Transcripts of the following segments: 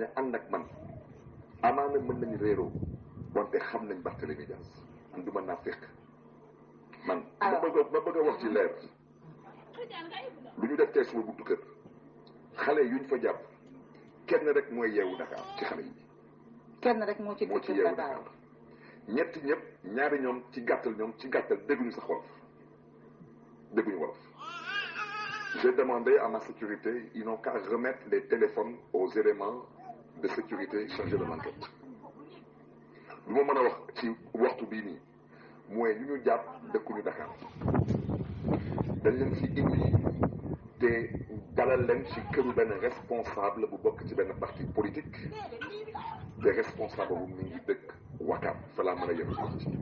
bañ a ànd ak man amaana mën nañu réeroo wante xam nañ Barthélémy Dias man du ma naa fekk man ma bëgg a ma bëgg a wax ci leer lu ñu def tey suma buntu kër xale yuñ fa jàpp kenn rek mooy yeewu Dakar ci xale yi kenn rek moo ci moo ci yeewu ñetti ñëpp ñaari ñoom ci gàttal ñoom ci gàttal dégguñu sax wolof dégguñu wolof j'ai demandé à ma sécurité ils n'ont qu'à remettre les téléphones aux éléments de sécurité chargé de l'enquête lu ma mën a wax ci waxtu bii nii mooy li ñu jàpp dëkkuñu Dakar dañ leen fi indi te dalal ci këru benn responsable bu bokk ci benn parti politique te responsable bu mu ngi dëkk Wakam fa laa mën a yem ci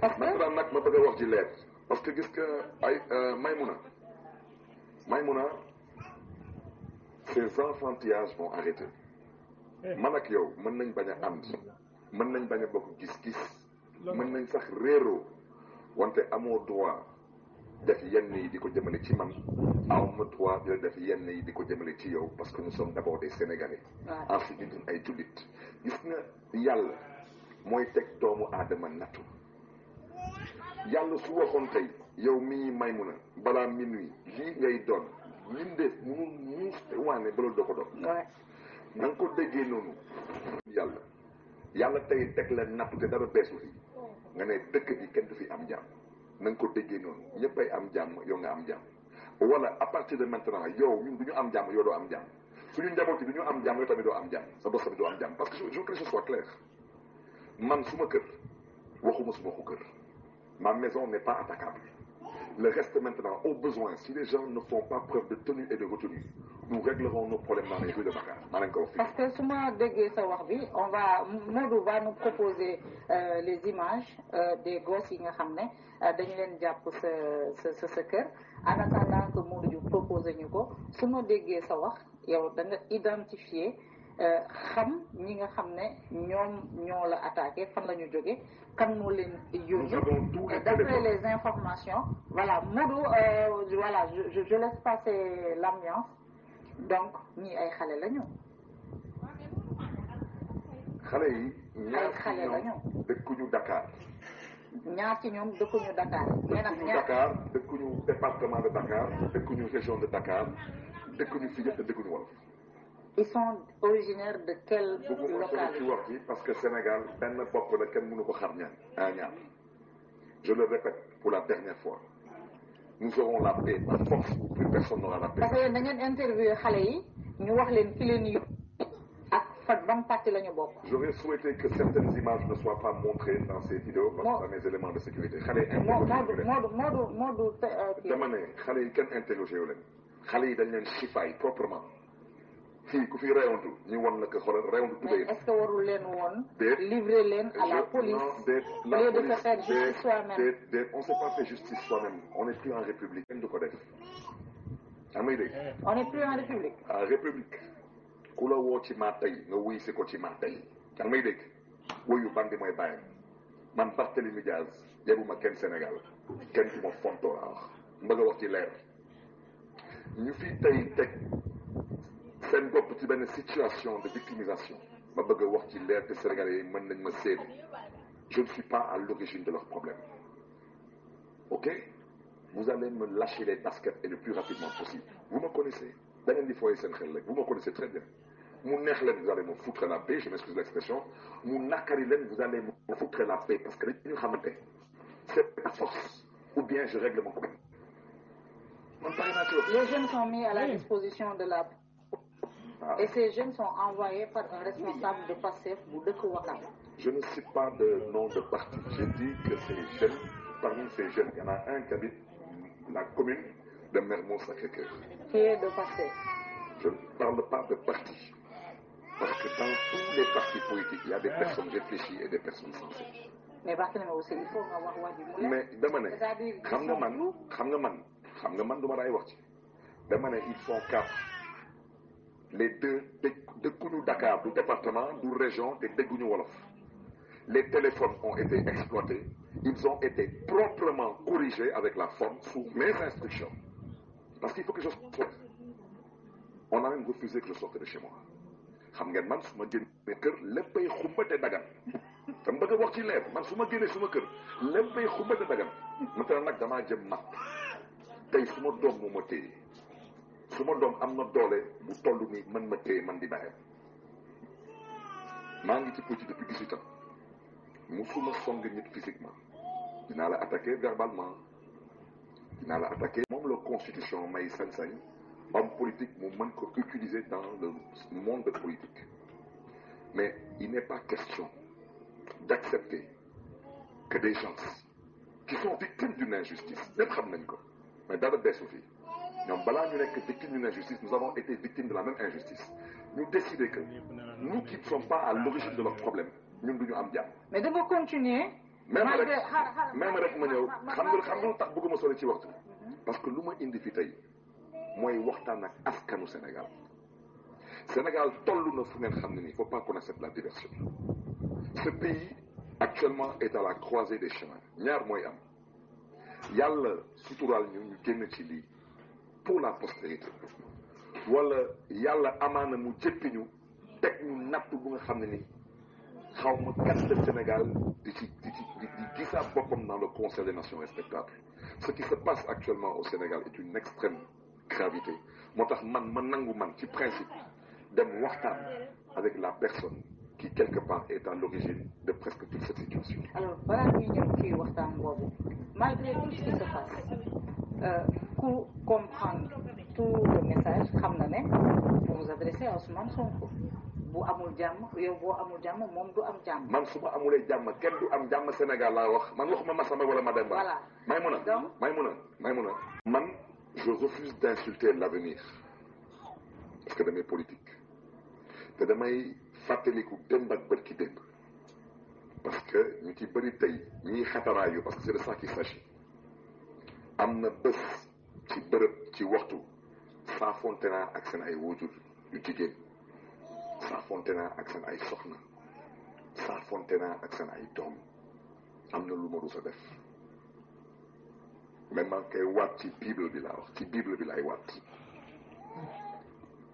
nag ma bëgg wax ci leer parce que gis que ay euh, Maïmouna Maïmouna ses enfantillages vont arrêter man ak yow mën nañ bañ a am mën nañ bañ a bokk gis-gis mën nañ sax réeroo wante amoo droit def yenn yi di ko jëmale ci man aw ma droit di def yenn yi di ko jëmale ci yow parce que nous sommes d'abord des sénégalais ensuite ñun ay jullit gis nga yàlla mooy teg doomu aadama nattu yàlla su waxoon tey yow mii may mun a balaa minuit lii ngay doon lim def munul muus te waane na nga ko déggee noonu yàlla yàlla tey teg la napp te dara beesu fi nga ne dëkk bi kenn du fi am jàmm na ko déggee noonu ñëpp ay am jàmm yow nga am jàmm wala à partir de maintenant yow ñun du ñu am jàmm yow doo am jàmm suñu njaboot yi du ñu am jàmm yow tamit doo am jàmm sa bos tamit doo am jàmm parce que je veux que ce man suma kër waxuma suma ko kër ma maison n'est pas attaquable Le reste maintenant, au besoin, si les gens ne font pas preuve de tenue et de retenue, nous réglerons nos problèmes dans les rues de Dakar. Parce que souvent, on va, Modou va nous proposer euh, les images euh, des gosses qui nous ramenent, euh, dañu leen jàpp sa sa sa kër en attendant que Modou Diouf proposé ñu ko su ma déggee sa wax yow da nga identifier xam ñi nga xam ne ñoom ñoo la attaqué fan la joge jóge kan moo leen yónni d'après les informations voilà Modou euh, voilà je, laisse passer l'ambiance donc ñii ay xale la ñu xale yi ñaar xale la ñu dëkkuñu Dakar ñaar ci ñoom dëkkuñu Dakar mais nag ñaar Dakar dëkkuñu département de Dakar dëkkuñu région de Dakar dëkkuñu Figueres dëkkuñu Wolof ils sont originaires de quelle localité. ci parce que Sénégal benn bopp la kenn mënu ko xar ñaar ah ñaar je le répète pour la dernière fois nous aurons la paix par force plus personne n'aura la paix. parce que da ngeen interviewé xale yi ñu wax leen ki leen yu ak fan ban parti la ñu bokk. j'aurais souhaité que certaines images ne soient pas montrées dans ces vidéos. parce mes éléments de sécurité xale yi. interroger Modou Modou Modou Modou. Euh, dama ne xale yi kenn interroger wu leen xale dañ fii ku fi reewantu ñu won la ko xoolal reewantu tubéy. mais est-ce que warul leen woon. déet livrer leen à la police. déet la on s'est pas justice soi-même on est plus en république. kenn du ko def yaa may dégg. on est plus en république. en république ku la woo ci maa tey nga wuy si ko ci maa tey yaa may dégg wuyu bandi mooy bàyyam man Barthélemy Diaz yebuma kenn Sénégal kenn du ma fontoo wax mbëgg wax ci leer ñu fi tey teg. seen bopp ci benn situation de victimisation ma bëgg a wax ci leer te Sénégalais yi mën nañ ma seede je ne suis pas à l'origine de leurs problèmes ok vous allez me lâcher les baskets et le plus rapidement possible vous me connaissez da ngeen di fooyee seen xel rek vous me connaissez très bien mu neex leen vous allez me foutre la paix je m'excuse l'expression mu parce que dañu xamante c'est la force ou bien je règle mon problème. man pare Les jeunes sont mis à la disposition de la. et ces jeunes sont envoyés par un responsable de Pastef bu dëkk Wakam. je ne cite pas de nom de parti je dis que ces jeunes parmi ces jeunes a un qui habite de Mermoz Sacré-Cœur. je ne parle pas de parti parce que dans les partis politiques il y a des personnes réfléchies et des personnes sensibles. mais Barthélémy aussi il faut nga wax wax ji. mais dama ne xam nga man xam nga man xam nga man du ma daay wax ci dama ne ils sont quatre. les deux dëkkuñu Dakar du département du région te dégguñu wolof les téléphones ont été exploités ils ont été proprement corrigés avec la forme sous mes instructions parce qu'il faut que je sorte on a même refusé que je sorte de chez moi xam ngeen man su ma génnee kër léppay xumbate dagan dama bëgg a wax ci leer man su ma génnee suma kër léppay xumbate dagan maintenant nag damaa jëm mag tey su ma doom moo su ma doom am na doole bu toll nii mën ma téye man di bàyyam maa ngi ci petit depuis dix-huit ans musuma song nit physiquement dinaa la attaquer verbalement dinaa la attaquer moom la constitution may sañ-sañ homme politique mu mën ko utiliser dans le monde politique mais il n'est pas question d'accepter que des gens qui sont victimes d'une injustice ñëpp xam nañ ko mais dara beesu fi ñoom balaa ñu nekk victime d'une injustice nous avons victimes de la même injustice ñu décider que nous qui ne sommes pas à l'origine de leur problème ñun du ñu am jàmm. mais dafa continuer. même rek même rek ma ñëw xam nga xam nga tax bëgguma sori ci mhm. parce que lu ma indi fi tey mooy waxtaan ak askanu Sénégal Sénégal toll na fu ngeen xam ne nii il faut pas qu'on accepte la diversion ce pays actuellement est à la croisée des chemins ñaar mooy am yàlla suturaal ñu ñu génn ci lii. pour la postérité wala yàlla amaana mu jëppi ñu teg ñu natt bu nga xam ne ni xaw ma gàttal Sénégal di ci di ci di gisaat boppam dans le conseil des nations respectables ce qui se passe actuellement au Sénégal est une extrême gravité moo tax man ma nangu man ci principe dem waxtaan avec la personne qui quelque part est à l'origine de presque toute cette situation. ku comprendre tout le message xam na ne vous vous adressez à Ousmane Sonko bu amul jàmm yow boo amul jàmm moom du am jàmm. su amulee jàmm kenn du am jàmm Sénégal laa wax man waxuma Massamba wala Mademba. voilà Maïmouna Maïmouna Maïmouna man je refuse d'insulter l'avenir parce que damay politique te damay fàttaliku démb ak bët ki démb parce que ñu ci bëri tey ñiy xataraayu parce que c'est de ça qu'il s'agit am na bés ci bërëb ci waxtu saafonte naa ak seen ay wujur yu jigéen saafonte naa ak seen ay soxna saafonte naa ak seen ay doom am na lu ma rus a def mais man koy ci bible bi laa wax ci bible bi laay waat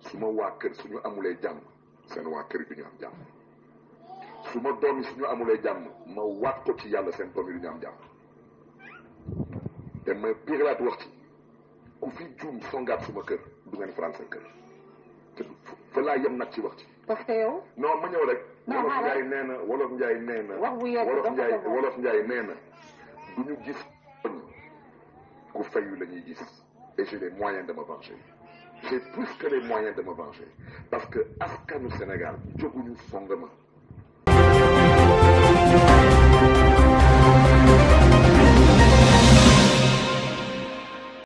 su ma waa kër suñu amulee jàmm seen waa kër bi ñu am jàmm su ma doom yi suñu amulee jàmm ma waat ko ci yàlla seen doom yi du ñu am jàmm te may biiraat waxtu ku fi juum songaat suma kër du ngeen faral kër te laa yem nag ci waxtu. parce que yow. non wolof Njaay nee na wolof Njaay nee na. wax bu yegg wolof Njaay wolof Njaay nee na du ñu gis ku fayu la ñuy et j'ai les moyens de me venger j'ai plus que les moyens de me venger parce que askanu Sénégal jóguñu song